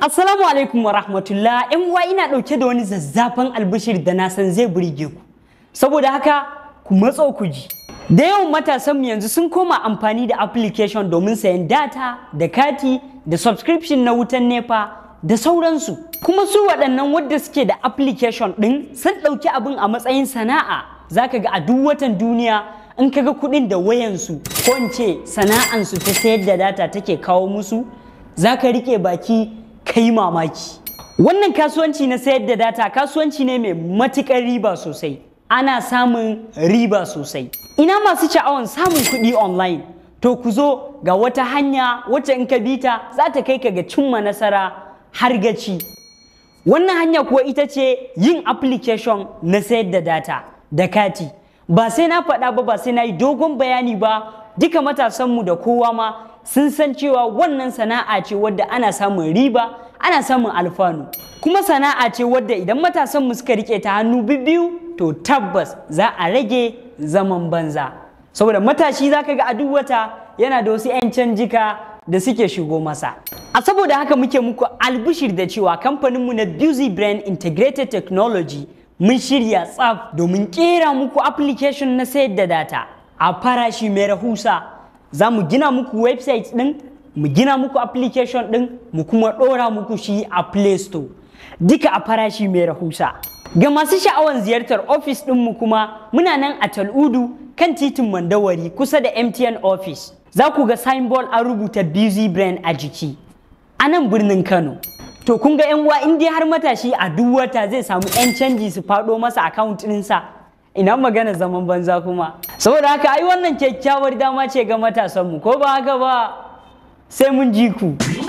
Assalamu alaikum wa rahmatullah ‘yan uwa ina ɗauke da wani zazzafan albishir da na san zai burge ku. Saboda haka ku matso ku ji. Da yawan matasan mu yanzu sun koma amfani da application domin sayan data da kati da subscription na wutan nepa da sauransu. Kuma su waɗannan wadda suke da application ɗin sun ɗauki abin a matsayin sana'a zaka ga a duk watan duniya in ka ga kuɗin da wayansu ko in ce sana'ansu ta sayar da data take kawo musu zaka riƙe baki kai mamaki wannan kasuwanci na sayar da data kasuwanci ne mai matuƙar riba sosai ana samun riba sosai ina masu sha'awan samun kuɗi online to ku zo ga wata hanya wacce in ka bita za ta kai ka ga cimma nasara har gaci wannan hanya kuwa ita ce yin application na sayar da data da kati ba sai na faɗa ba ba sai na yi dogon bayani ba duka matasanmu da kowa ma sun san cewa wannan sana'a ce wadda ana samun riba ana samun alfanu kuma sana'a ce wadda idan matasan mu suka rike ta hannu biyu to tabbas za a rage zaman banza saboda matashi za ka ga a duk wata yana da wasu 'yan canjika da suke shigo masa a saboda haka muke muku albishir da cewa kamfaninmu na busy brand integrated technology mun shirya tsaf domin kera muku application na sayar da data a farashi mai rahusa za mu gina muku website ɗin mu gina muku application ɗin mu kuma ɗora muku shi a play store duka a farashi mai rahusa ga masu sha'awan ziyartar ofis mu kuma muna nan a tal'udu kan titin mandawari kusa da mtn office za ku ga signboard an rubuta busy brand a jiki a nan birnin kano to kun ga 'yan uwa in dai har matashi a duk wata zai samu 'yan canji su faɗo masa account ɗinsa ina magana zaman banza kuma saboda haka ai wannan kyakkyawar dama ce ga matasanmu ko ba haka ba sai mun ji ku